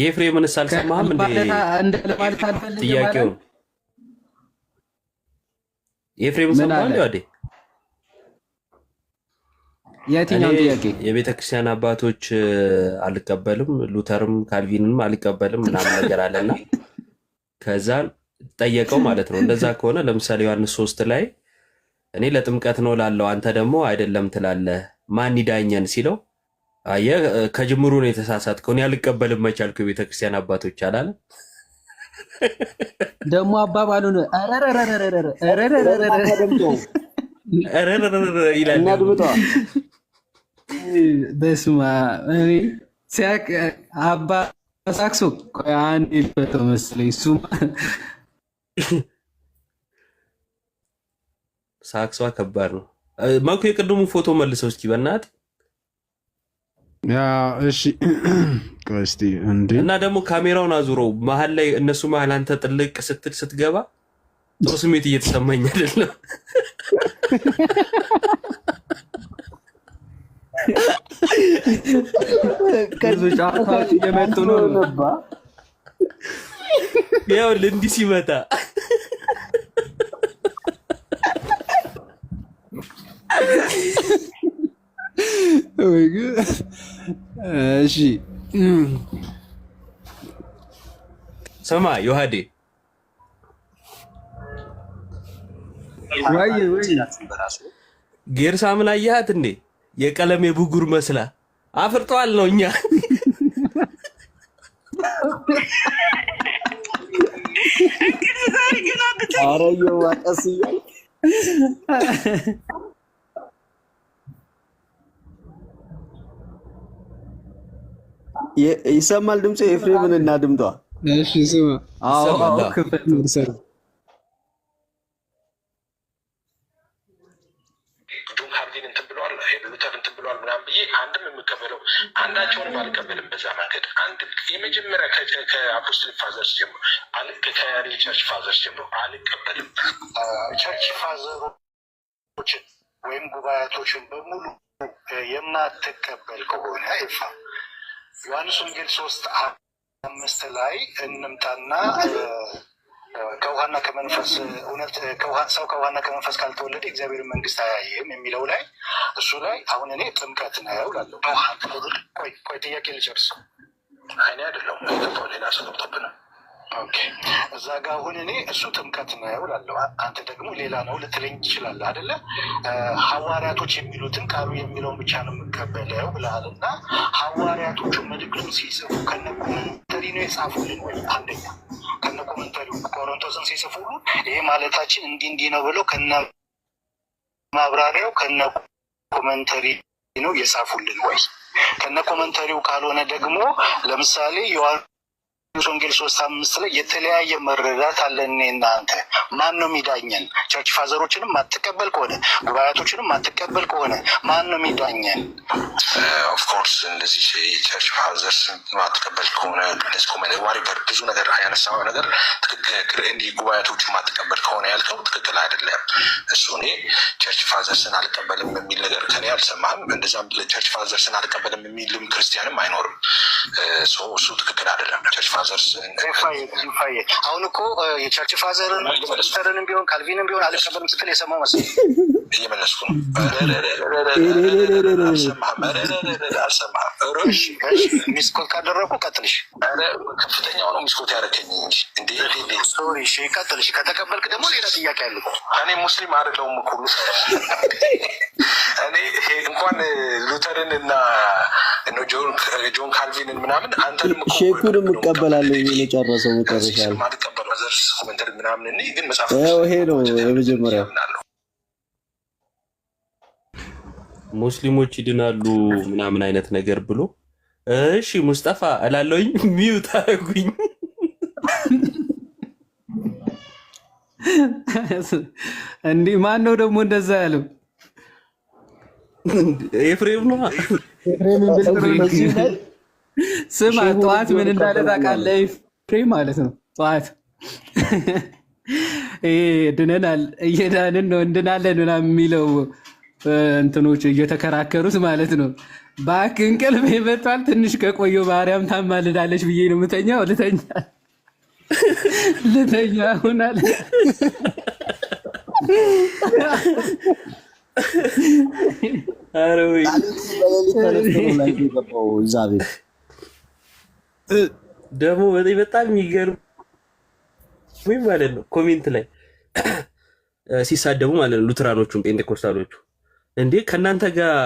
የኤፍሬምንስ አልሰማህም? ጥያቄውን የኤፍሬም ሰማል ዋዴ የትኛው ጥያቄ? የቤተ ክርስቲያን አባቶች አልቀበልም፣ ሉተርም ካልቪንም አልቀበልም ምናምን ነገር አለና ከዛን ጠየቀው ማለት ነው። እንደዛ ከሆነ ለምሳሌ ዮሐንስ ሶስት ላይ እኔ ለጥምቀት ነው ላለው አንተ ደግሞ አይደለም ትላለህ፣ ማን ይዳኘን ሲለው አየህ ከጅምሩ ነው የተሳሳትከው። እኔ አልቀበልም መቻልኩ የቤተክርስቲያን አባቶች አላለ ደግሞ አባባሉን ነው አባ ሳክሶ አንድ ልበተው መስለኝ እሱማ ሳክሷ ከባድ ነው። ማኩ የቅድሙ ፎቶ መልሰው እስኪ በእናትህ ያ እሺ ቀስቲ እንዴ! እና ደግሞ ካሜራውን አዙረው መሀል ላይ እነሱ መሀል አንተ ጥልቅ ስትል ስትገባ ጥሩ ስሜት እየተሰማኝ አይደለም። ከዚህ ጫታዎች እየመጡ ነው። ነባ ያው እንዲህ ሲመጣ ወይ እሺ ስማ ዮሐዴ ጌርሳምን አየሃት እንዴ? የቀለም የብጉር መስላ አፍርጠዋል ነው እኛ አረየዋ ቀስ እያል ይሰማል ድምፅ ምን እና ድምጧ አንድም የምቀበለው አንዳቸውን አልቀበልም። በዛ መንገድ አንድ የመጀመሪያ ከአፖስትል ፋዘርስ ጀምሮ ከሪል ቸርች ፋዘርስ ጀምሮ አልቀበልም። ቸርች ፋዘሮችን ወይም ጉባኤቶችን በሙሉ የማትቀበል ከሆነ ይፋ ዮሐንስ ወንጌል ሶስት አምስት ላይ እንምጣና ከውሃና ከመንፈስ እውነት ሰው ከውሃና ከመንፈስ ካልተወለደ እግዚአብሔር መንግስት አያየም የሚለው ላይ እሱ ላይ አሁን እኔ ጥምቀት ነው ላለው ቆይ ቆይ ጥያቄ ልጨርስ። አይኔ አይደለሁም ሌላ ሰው ገብቶብናል እዛ ጋ አሁን እኔ እሱ ጥምቀት ነው እላለሁ፣ አንተ ደግሞ ሌላ ነው ልትለኝ ትችላለህ አደለ? ሐዋርያቶች የሚሉትን ቃሉ የሚለውን ብቻ ነው የምቀበለው ብለሃል። እና ሐዋርያቶቹ መልእክቱን ሲጽፉ ከነ ኮመንተሪ ነው የጻፉልን ወይ? አንደኛ ከነ ኮመንተሪ ቆሮንቶስን ሲጽፉ ሁሉ ይሄ ማለታችን እንዲህ እንዲህ ነው ብለው ከነ ማብራሪያው ከነ ኮመንተሪ ነው የጻፉልን ወይ? ከነ ኮመንተሪው ካልሆነ ደግሞ ለምሳሌ ዮሐን ማቴዎስ ወንጌል ሶስት አምስት ላይ የተለያየ መረዳት አለን። እናንተ ማን ነው የሚዳኘን? ቸርች ፋዘሮችንም ማትቀበል ከሆነ ጉባኤቶችንም ማትቀበል ከሆነ ማን ነው የሚዳኘን? ኦፍኮርስ uh, እንደዚህ ቸርች ፋዘርስ ማትቀበል ከሆነ እንደዚህ ከሆነ ዋሪበር ብዙ ነገር ያነሳው ነገር ትክክል እንዲህ ጉባኤቶችን ማትቀበል ከሆነ ያልከው ትክክል አይደለም። እሱ እኔ ቸርች ፋዘርስን አልቀበልም የሚል ነገር ከኔ አልሰማህም። እንደዛም ቸርች ፋዘርስን አልቀበልም የሚልም ክርስቲያንም አይኖርም። uh, እሱ ትክክል አይደለም። ቸርች ፋዘርስ አሁን እኮ የቸርች ፋዘርን ስተርን ቢሆን ካልቪንም ቢሆን አልቀበልም ስትል የሰማው መሰለኝ። እየመለስኩ ነው። አልሰማህም። ሚስኮት ካደረኩ ቀጥልሽ። ከፍተኛው ነው ሚስኮት ያደረገኝ እንጂ ሶሪ። ቀጥልሽ። ከተቀበልክ ደግሞ ሌላ ጥያቄ አለ። እኔ ሙስሊም አይደለሁም እኮ እኔ እንኳን ሉተርን እና ጆን ካልቪንን ምናምን አንተንም እኮ እቀበላለሁ ብሎ ጨረሰው። መጨረሻ ይሄ ነው የመጀመሪያው። ሙስሊሞች ይድናሉ ምናምን አይነት ነገር ብሎ እሺ ሙስጠፋ እላለሁኝ። ሚውት አረጉኝ። እንዲህ ማን ነው ደግሞ እንደዛ ያለው? ኤፍሬም ነው ኤፍሬም ነው። ስማ ጠዋት ምን እንዳለ ታውቃለህ? ፍሬ ማለት ነው ጠዋት ድነናል፣ እየዳንን ነው፣ እንድናለን ምናምን የሚለው እንትኖች እየተከራከሩት ማለት ነው። ባክ እንቅልፍ ይመጣል። ትንሽ ከቆየሁ ማርያም ታማልዳለች ብዬ ነው ምተኛው። ልተኛ ልተኛ ሆናል። ኧረ ወይ እዛ ቤት ደግሞ በጣም የሚገርም ማለት ነው። ኮሜንት ላይ ሲሳደቡ ማለት ነው ሉትራኖቹም ጴንቴኮስታሎቹ እንዴ ከእናንተ ጋር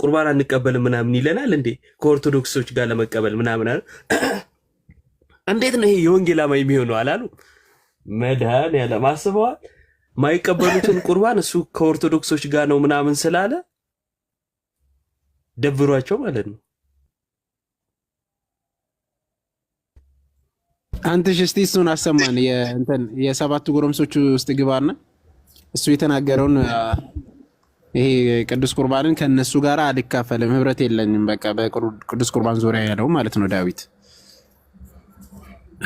ቁርባን አንቀበልም ምናምን ይለናል እንዴ ከኦርቶዶክሶች ጋር ለመቀበል ምናምን እንዴት ነው ይሄ የወንጌል አማኝ የሚሆነው አላሉ። ያለ ማስበዋል ማይቀበሉትን ቁርባን እሱ ከኦርቶዶክሶች ጋር ነው ምናምን ስላለ ደብሯቸው ማለት ነው። አንተ እስቲ እሱን አሰማን። የእንትን የሰባቱ ጎረምሶች ውስጥ ግባና እሱ የተናገረውን ይሄ ቅዱስ ቁርባንን ከነሱ ጋር አልካፈልም፣ ህብረት የለኝም፣ በቃ በቅዱስ ቁርባን ዙሪያ ያለው ማለት ነው ዳዊት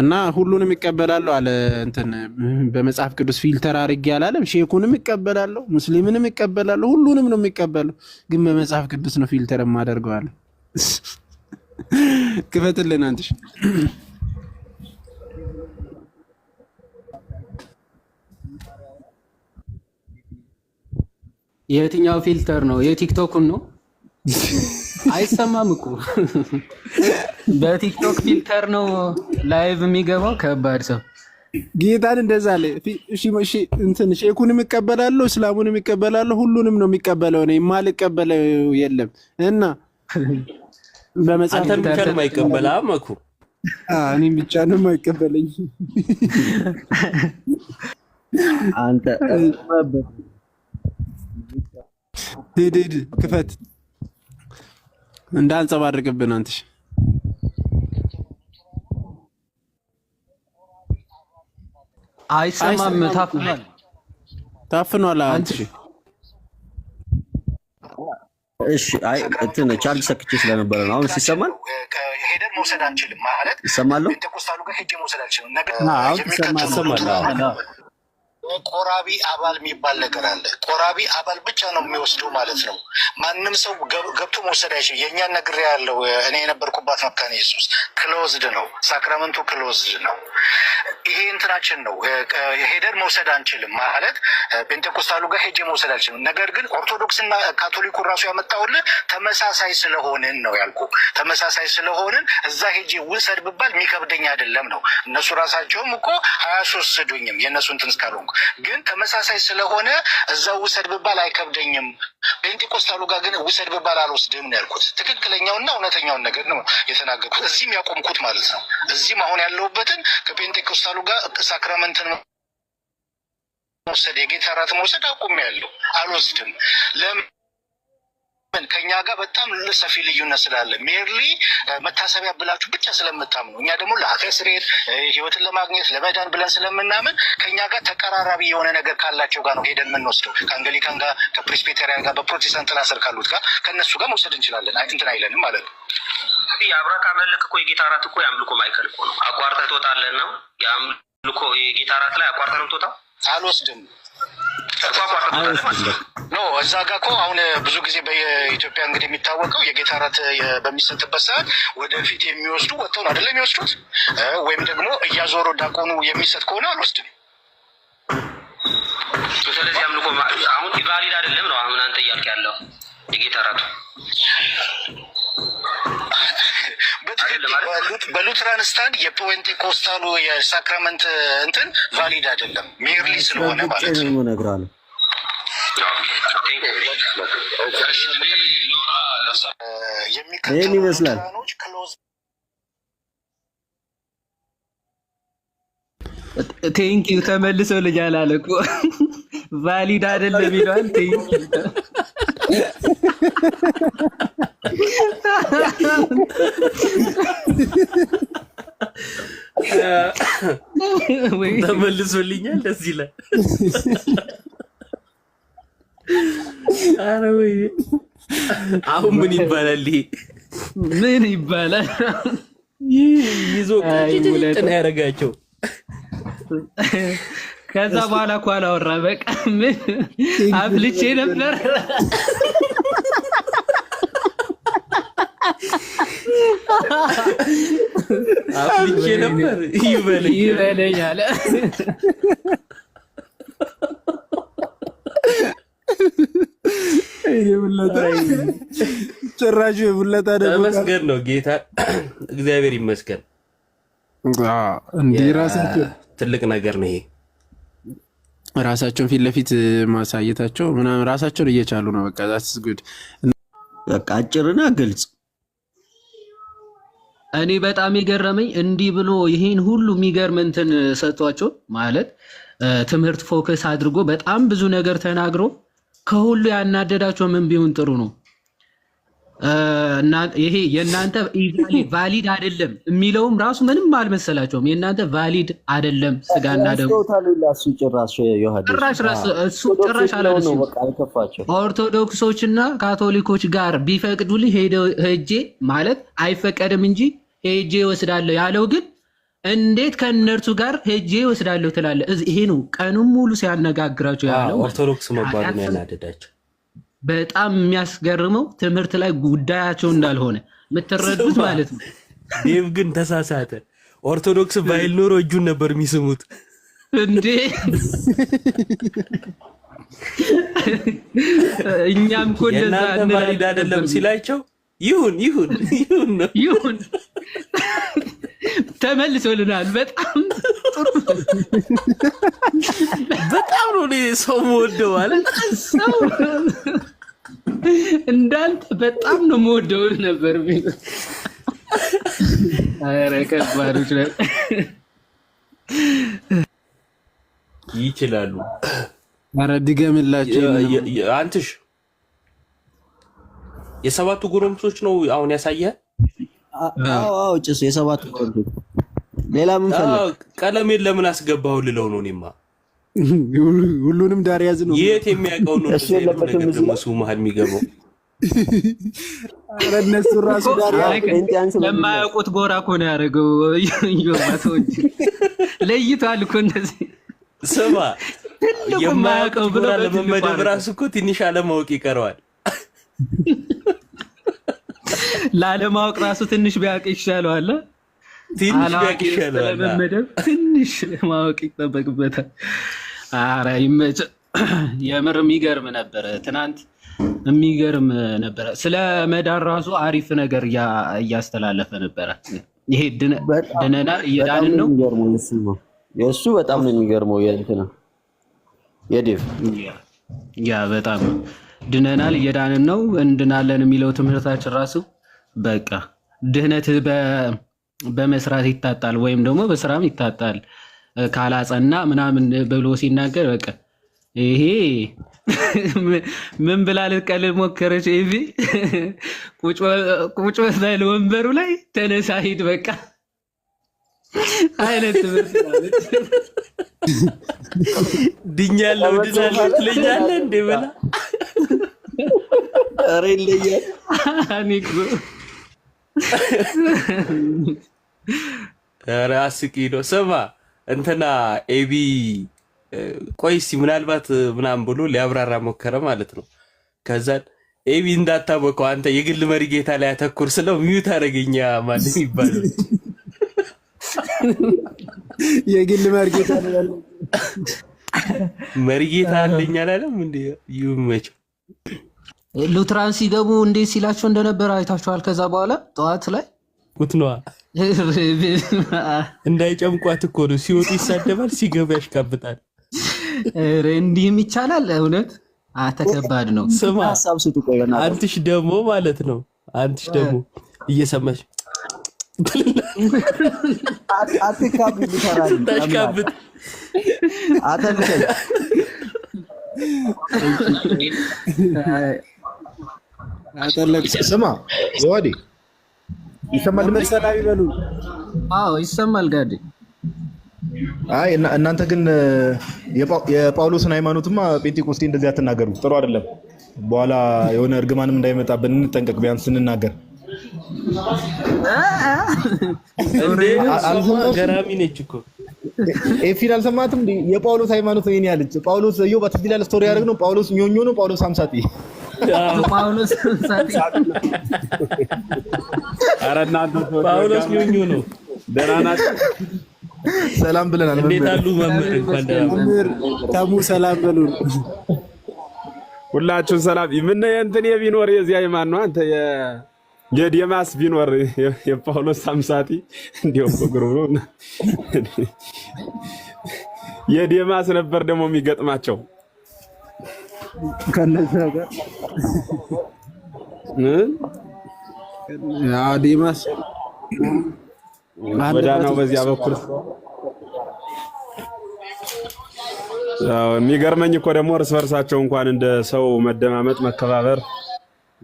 እና ሁሉንም ይቀበላሉ አለ። እንትን በመጽሐፍ ቅዱስ ፊልተር አድርጌ አላለም። ሼኩንም ይቀበላለሁ፣ ሙስሊምንም ይቀበላለሁ፣ ሁሉንም ነው የሚቀበለው። ግን በመጽሐፍ ቅዱስ ነው ፊልተር አለ። ክፈትልን አንተሽ የትኛው ፊልተር ነው? የቲክቶኩን ነው? አይሰማም እኮ በቲክቶክ ፊልተር ነው ላይቭ የሚገባው። ከባድ ሰው ጌታን እንደዛ አለ። እንትን ሼኩንም ይቀበላለሁ፣ እስላሙንም ይቀበላለሁ፣ ሁሉንም ነው የሚቀበለው። እኔ የማልቀበለው የለም። እና በመጽሐፍ ብቻ ነው የማይቀበለው እኮ እኔም ብቻ ነው የማይቀበለኝ አንተ ሂድ ክፈት፣ እንዳንጸባርቅብን አንተሽ አይሰማም። ታፍኗል፣ ታፍኗል። አንተሽ እሺ። አይ እንትን ቻርጅ ሰክቼ ስለነበረ ነው። አሁን ሲሰማል ሄደን መውሰድ አንችልም ማለት ይሰማል አሁን ይሰማል። ቆራቢ አባል የሚባል ነገር አለ። ቆራቢ አባል ብቻ ነው የሚወስደው ማለት ነው። ማንም ሰው ገብቶ መውሰድ አይችልም። የእኛን ነግር ያለው እኔ የነበርኩባት መካነ ኢየሱስ ክሎዝድ ነው፣ ሳክራመንቱ ክሎዝድ ነው። ይሄ እንትናችን ነው። ሄደን መውሰድ አንችልም ማለት ፔንቴኮስታሉ ጋር ሄጄ መውሰድ አልችልም። ነገር ግን ኦርቶዶክስና ካቶሊኩ ራሱ ያመጣውልን ተመሳሳይ ስለሆንን ነው ያልኩ። ተመሳሳይ ስለሆንን እዛ ሄጄ ውሰድ ብባል የሚከብደኝ አይደለም ነው። እነሱ ራሳቸውም እኮ አያስወስዱኝም የእነሱ እንትን እስካልሆንኩ ግን ተመሳሳይ ስለሆነ እዛ ውሰድ ብባል አይከብደኝም። ጴንጤቆስታሉ ጋር ግን ውሰድ ብባል አልወስድም ነው ያልኩት። ትክክለኛውና እውነተኛውን ነገር ነው የተናገርኩት። እዚህም ያቆምኩት ማለት ነው። እዚህም አሁን ያለሁበትን ከጴንጤቆስታሉ ጋር ሳክራመንትን መውሰድ የጌታ እራትን መውሰድ አቁሜያለሁ፣ አልወስድም። ለምን ከኛ ጋር በጣም ሰፊ ልዩነት ስላለ ሜርሊ መታሰቢያ ብላችሁ ብቻ ስለምታምኑ እኛ ደግሞ ለሀገር ስሬት ህይወትን ለማግኘት ለመዳን ብለን ስለምናምን ከኛ ጋር ተቀራራቢ የሆነ ነገር ካላቸው ጋር ነው ሄደን የምንወስደው። ከአንገሊካን ጋር፣ ከፕሬስቢቴሪያን ጋር፣ በፕሮቴስታንት ጥላ ስር ካሉት ጋር ከእነሱ ጋር መውሰድ እንችላለን። እንትን አይለንም ማለት ነው። የአብራክ አመልክ እኮ የጌታ እራት እኮ የአምልኮ ማይከል እኮ ነው። አቋርጠህ ትወጣለህ ነው የአምልኮ የጌታ እራት ላይ አቋርጠህ ነው አልወስድም ኖ እዛ ጋ እኮ አሁን ብዙ ጊዜ በኢትዮጵያ እንግዲህ የሚታወቀው የጌታ እራት በሚሰጥበት ሰዓት ወደፊት የሚወስዱ ወጥተውን አይደለም የሚወስዱት፣ ወይም ደግሞ እያዞሩ ዲያቆኑ የሚሰጥ ከሆነ አልወስድም። ስለዚህ አምልኮ አሁን ቫሊድ አይደለም ነው አሁን አንተ እያልክ ያለው የጌታ እራቱ በሉትራን ስታንድ የፔንቴኮስታሉ የሳክራመንት እንትን ቫሊድ አይደለም፣ ሜርሊ ስለሆነ ማለት ነው እነግርሃለሁ። ይህን ይመስላል። ቴንኪው ተመልሰው ልጅ አላለቁ ቫሊድ አይደለም ይለዋል። ቴንኪው ተመልሶልኛል። ደስ ይላል። ወይ አሁን ምን ይባላል? ምን ይባላል? ይዞ ያደረጋቸው ከዛ በኋላ እኮ አላወራ በቃ ምን ነበር አፍልቼ ነበር ይበለኝ አለ። ጭራሹ የቡለታ ተመስገን ነው ጌታ እግዚአብሔር ይመስገን። እንዲህ ራሳቸው ትልቅ ነገር ነው ይሄ ራሳቸውን ፊት ለፊት ማሳየታቸው ምናምን ራሳቸውን እየቻሉ ነው። በቃ ዛትስ ጉድ በቃ አጭርና ግልጽ እኔ በጣም የገረመኝ እንዲህ ብሎ ይሄን ሁሉ የሚገርም እንትን ሰጥቷቸው ማለት ትምህርት ፎከስ አድርጎ በጣም ብዙ ነገር ተናግሮ ከሁሉ ያናደዳቸው ምን ቢሆን ጥሩ ነው? ይሄ የእናንተ ቫሊድ አይደለም የሚለውም ራሱ ምንም አልመሰላቸውም። የእናንተ ቫሊድ አይደለም ስጋና ደሙ እሱ ጭራሽ ኦርቶዶክሶችና ካቶሊኮች ጋር ቢፈቅዱልኝ ሄጄ ማለት አይፈቀድም እንጂ ሄጄ እወስዳለሁ ያለው ግን እንዴት ከእነርሱ ጋር ሄጄ እወስዳለሁ ትላለ? ይሄ ነው ቀኑን ሙሉ ሲያነጋግራቸው ያለው። ኦርቶዶክስ መባሉ ያናደዳቸው በጣም የሚያስገርመው ትምህርት ላይ ጉዳያቸው እንዳልሆነ የምትረዱት ማለት ነው። ይህም ግን ተሳሳተ። ኦርቶዶክስ ባይል ኖሮ እጁን ነበር የሚስሙት እንዴ። እኛም እኮ እንደዛ አይደለም ሲላቸው ይሁን ይሁን ይሁን ነው ይሁን። ተመልሶልናል። በጣም በጣም ነው ሰው መወደው ማለት እንዳንተ በጣም ነው መወደው ነበር። ኧረ ከባዶች ይችላሉ። ኧረ ድገምላቸው አንትሽ የሰባቱ ጎረምሶች ነው አሁን ያሳየ። አዎ ጭሱ የሰባቱ ጎረምሶች። ሌላ ምን ፈለግ? ቀለሜን ለምን አስገባው ልለው ነው። እኔማ ሁሉንም ዳር ያዝ ነው። የት የሚያውቀው ነው ነገር ደግሞ እሱ መሀል የሚገባው ኧረ እነሱ ራሱ ዳር ለማያውቁት ጎራ እኮ ነው ያደረገው። ሰዎች ለይቷል እኮ እንደዚህ ስማ፣ የማያውቀው ብሎ ለመመደብ ራሱ እኮ ትንሽ አለማወቅ ይቀረዋል። ላለማወቅ ራሱ ትንሽ ቢያውቅ ይሻለዋል። ለመመደብ ትንሽ ማወቅ ይጠበቅበታል። ኧረ ይመችህ። የምር የሚገርም ነበረ ትናንት የሚገርም ነበረ። ስለ መዳን ራሱ አሪፍ ነገር እያስተላለፈ ነበረ። ይሄ ድነና እየዳንን ነው። የእሱ በጣም ነው የሚገርመው የእንትና የዴቭ ያ በጣም ድነናል፣ እየዳንን ነው፣ እንድናለን የሚለው ትምህርታችን ራሱ በቃ ድህነት በመስራት ይታጣል ወይም ደግሞ በስራም ይታጣል ካላጸና ምናምን ብሎ ሲናገር በቃ ይሄ ምን ብላ ልትቀልል ሞከረች? ኤቪ ቁጭ በል ወንበሩ ላይ ተነሳ ሂድ በቃ አይነት ድኛለሁ ድናለሁ ትለኛለህ እንዴ ብላ ኧረ ይለያል። ኧረ አስቂ ነው። ስማ እንትና ኤቢ ቆይ እስኪ ምናልባት ምናምን ብሎ ሊያብራራ ሞከረ ማለት ነው። ከዛን ኤቢ እንዳታወቀው አንተ የግል መሪ ጌታ ላይ አተኩር ስለው ሚዩት አደረገኛ ማለት ይባላል። የግል መሪ ጌታ ነው መሪ ጌታ አለኝ አላለም እንዴ? ይመቸው ሉትራን ሲገቡ እንዴት ሲላቸው እንደነበረ አይታችኋል። ከዛ በኋላ ጠዋት ላይ ቁትነዋ እንዳይጨምቋት እኮ ነው። ሲወጡ ይሳደባል፣ ሲገቡ ያሽቃብጣል። እንዲህም ይቻላል። እውነት ተከባድ ነው። ስማ አንትሽ ደግሞ ማለት ነው አንትሽ ደግሞ እየሰማሽ ታሽቃብጥ አተልከኝ ስማ ዘዋዴ ይሰማል አዎ ይሰማል ጋዴ። አይ እናንተ ግን የጳውሎስን ሃይማኖትማ ጴንጤቆስቴ እንደዚህ አትናገሩ፣ ጥሩ አይደለም። በኋላ የሆነ እርግማንም እንዳይመጣብን እንጠንቀቅ። ቢያንስ ስንናገር ገራሚ ነች እኮ ኤፊን አልሰማትም። የጳውሎስ ሃይማኖት ያለች ጳውሎስ ዮ ስቶሪ ያደረግ ነው ጳውሎስ ኞኞ ነው ጳውሎስ አምሳጤ ጳውሎስ ጳውሎስ ኙኙ ነው። ደህና ሰላም ብለናል። እንዴት አሉ መምህር ተሙ? ሰላም በሉን ሁላችሁን። ሰላም ምን እንትን የቢኖር የዚያ የማን ነው አንተ የዴማስ ቢኖር የጳውሎስ አምሳጢ እንዲሁ ግሩ የዲማስ ነበር ደግሞ የሚገጥማቸው ከነዛ ጋር ዲማስ በዚያ በኩል የሚገርመኝ እኮ ደግሞ እርስ በርሳቸው እንኳን እንደ ሰው መደማመጥ መከባበር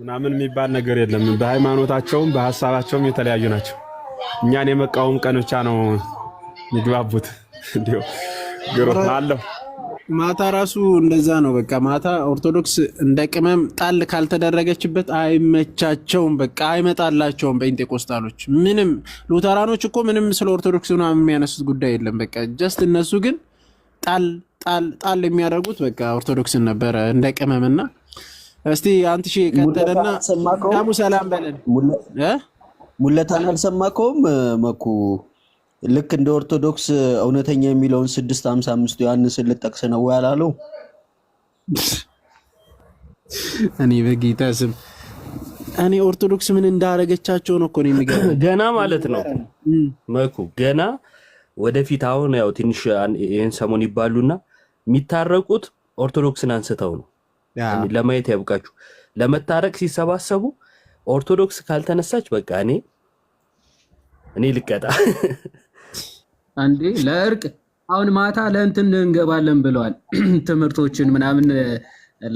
ምናምን የሚባል ነገር የለም። በሃይማኖታቸውም በሀሳባቸውም የተለያዩ ናቸው። እኛን የመቃወም ቀን ብቻ ነው የሚግባቡት። እንዲ ግሩም አለሁ ማታ ራሱ እንደዛ ነው። በቃ ማታ ኦርቶዶክስ እንደ ቅመም ጣል ካልተደረገችበት አይመቻቸውም። በቃ አይመጣላቸውም። ጴንጤቆስታሎች ምንም፣ ሉተራኖች እኮ ምንም ስለ ኦርቶዶክስ ምናምን የሚያነሱት ጉዳይ የለም። በቃ ጀስት እነሱ ግን ጣል ጣል ጣል የሚያደርጉት በቃ ኦርቶዶክስን ነበረ እንደ ቅመም እና እስቲ አንት ሺ ቀጠለና ሙ ሰላም በለን ሙለታን አልሰማከውም መኩ ልክ እንደ ኦርቶዶክስ እውነተኛ የሚለውን ስድስት ሀምሳ አምስት ዮሐንስን ልጠቅስ ነው ያላሉ። እኔ በጌታ ስም እኔ ኦርቶዶክስ ምን እንዳረገቻቸው ነው እኮ ነው ገና ማለት ነው መኩ ገና ወደፊት። አሁን ያው ትንሽ ይህን ሰሞን ይባሉና የሚታረቁት ኦርቶዶክስን አንስተው ነው። ለማየት ያብቃችሁ። ለመታረቅ ሲሰባሰቡ ኦርቶዶክስ ካልተነሳች በቃ እኔ እኔ ልቀጣ አንዴ ለእርቅ አሁን ማታ ለእንትን እንገባለን ብለዋል። ትምህርቶችን ምናምን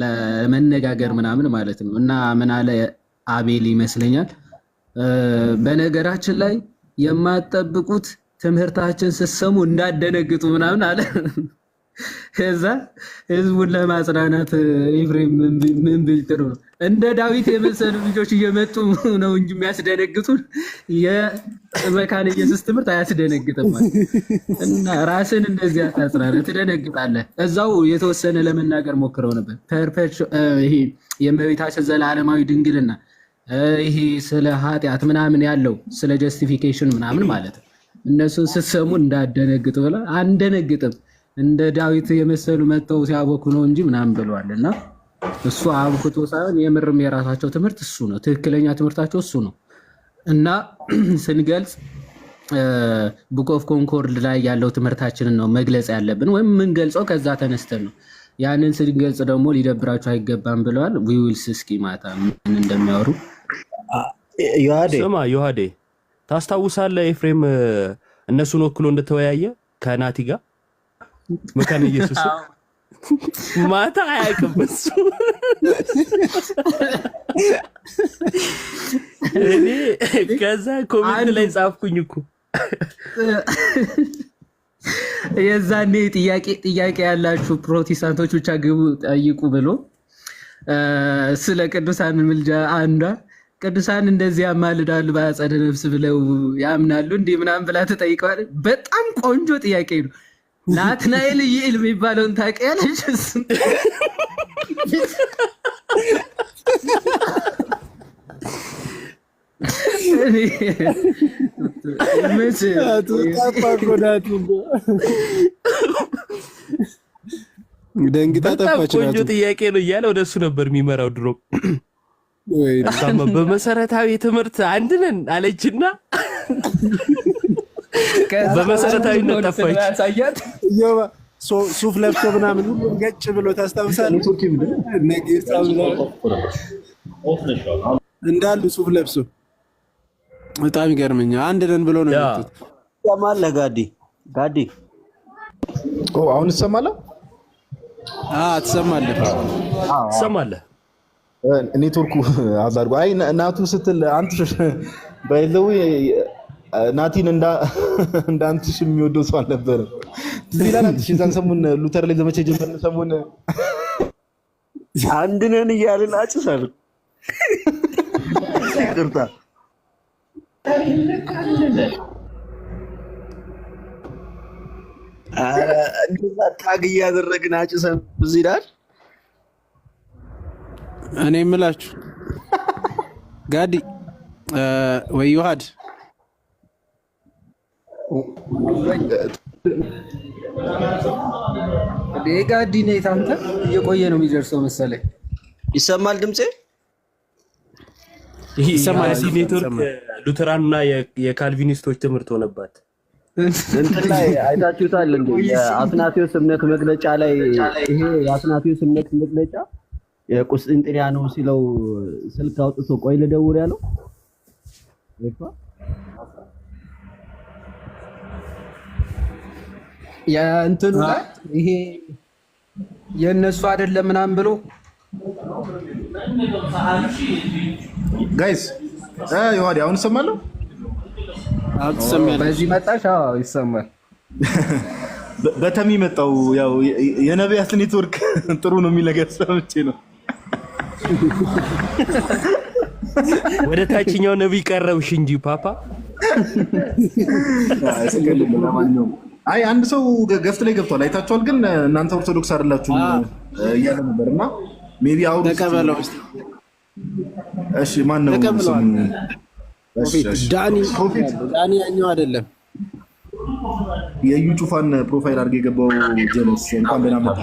ለመነጋገር ምናምን ማለት ነው። እና ምን አለ አቤል ይመስለኛል። በነገራችን ላይ የማትጠብቁት ትምህርታችን ስትሰሙ እንዳደነግጡ ምናምን አለ። ከዛ ህዝቡን ለማጽናናት ኤፍሬም ምን ብል ጥሩ ነው፣ እንደ ዳዊት የመሰሉ ልጆች እየመጡ ነው እንጂ የሚያስደነግጡን የመካነ ኢየሱስ ትምህርት አያስደነግጥም። እና ራስን እንደዚህ አታጽናና፣ ትደነግጣለህ። እዛው የተወሰነ ለመናገር ሞክረው ነበር። ይሄ የእመቤታችን ዘላለማዊ ድንግልና ይሄ ስለ ኃጢአት ምናምን ያለው ስለ ጀስቲፊኬሽን ምናምን ማለት ነው። እነሱን ስትሰሙ እንዳደነግጥ ብላ አንደነግጥም እንደ ዳዊት የመሰሉ መጥተው ሲያቦኩ ነው እንጂ ምናምን ብለዋል። እና እሱ አብክቶ ሳይሆን የምርም የራሳቸው ትምህርት እሱ ነው፣ ትክክለኛ ትምህርታቸው እሱ ነው። እና ስንገልጽ ቡክ ኦፍ ኮንኮርድ ላይ ያለው ትምህርታችንን ነው መግለጽ ያለብን፣ ወይም የምንገልጸው ከዛ ተነስተን ነው። ያንን ስንገልጽ ደግሞ ሊደብራቸው አይገባም ብለዋል። ዊውልስ እስኪ ማታ ምን እንደሚያወሩ ስማ። ዮሐዴ ታስታውሳለህ ኤፍሬም እነሱን ወክሎ እንደተወያየ ከናቲ ጋር መካነ ኢየሱስ ማታ አያውቅም እሱ። እኔ ከዛ ኮሜንት ላይ ጻፍኩኝ እኮ የዛኔ ጥያቄ ጥያቄ ያላችሁ ፕሮቴስታንቶች ብቻ ግቡ ጠይቁ ብሎ ስለ ቅዱሳን ምልጃ አንዷ ቅዱሳን እንደዚህ ያማልዳሉ በአጸደ ነፍስ ብለው ያምናሉ እንዲህ ምናምን ብላ ተጠይቀዋል። በጣም ቆንጆ ጥያቄ ነው። ናትናኤል ይል የሚባለውን ታውቂያለሽ? ደንግጣ ጠፋች። ቆንጆ ጥያቄ ነው እያለ ወደ እሱ ነበር የሚመራው ድሮ። በመሰረታዊ ትምህርት አንድ ነን አለችና በመሰረታዊነት ጠፋች። ሱፍ ለብሶ ምናምን ሁሉም ገጭ ብሎ ታስታውሳለህ? እንዳሉ ሱፍ ለብሶ በጣም ይገርመኛል። አንድ ነን ብሎ ነው የመጡት። ጋዲ ጋዲ፣ አሁን ትሰማለህ? ትሰማለህ? ትሰማለህ? ኔትወርኩ አዛድጎ አይ እናቱ ስትል አንተ በሌለው ናቲን እንደ አንትሽ የሚወደው ሰው አልነበረም። ሌላ ናትሽ ሰሞን ሉተር ላይ ዘመቻ የጀመርን ሰሞን አንድነን እያልን አጭሳል። ይቅርታ እንደዛ ታግ እያደረግን አጭሰን እዚህ ዳር እኔ የምላችሁ ጋዲ ወይ ዮሐድ ጋዲ ነህ አንተ? እየቆየ ነው የሚደርሰው መሰለኝ። ይሰማል ድምፄ? ይሰማል። እዚህ ኔትወርክ ሉተራንና የካልቪኒስቶች ትምህርት ሆነባት። እንትን ላይ አይታችሁታል እንዴ? የአትናቴዎስ እምነት መግለጫ ላይ ይሄ የአትናቴዎስ እምነት መግለጫ የቁስጥንጥንያ ነው ሲለው ስልክ አውጥቶ ቆይ ልደውር ያለው የእንትኑ ላይ ይሄ የእነሱ አይደለም ምናምን ብሎ ጋይስ ዮሐዲ አሁን እሰማለሁ። በዚህ መጣሽ? አዎ ይሰማል። በተሚ መጣው። ያው የነቢያት ኔትወርክ ጥሩ ነው የሚል ነገር ሰምቼ ነው ወደ ታችኛው ነቢይ ቀረብሽ እንጂ ፓፓ አይ አንድ ሰው ገፍት ላይ ገብቷል፣ አይታችኋል። ግን እናንተ ኦርቶዶክስ አይደላችሁም እያለ ነበር እና ሜቢ አሁን እሺ ማን ነው ዳኒ? ዳኒ ያኛው አይደለም። የዩ ጩፋን ፕሮፋይል አድርገ የገባው ጀለስ እንኳን ደህና መጣ።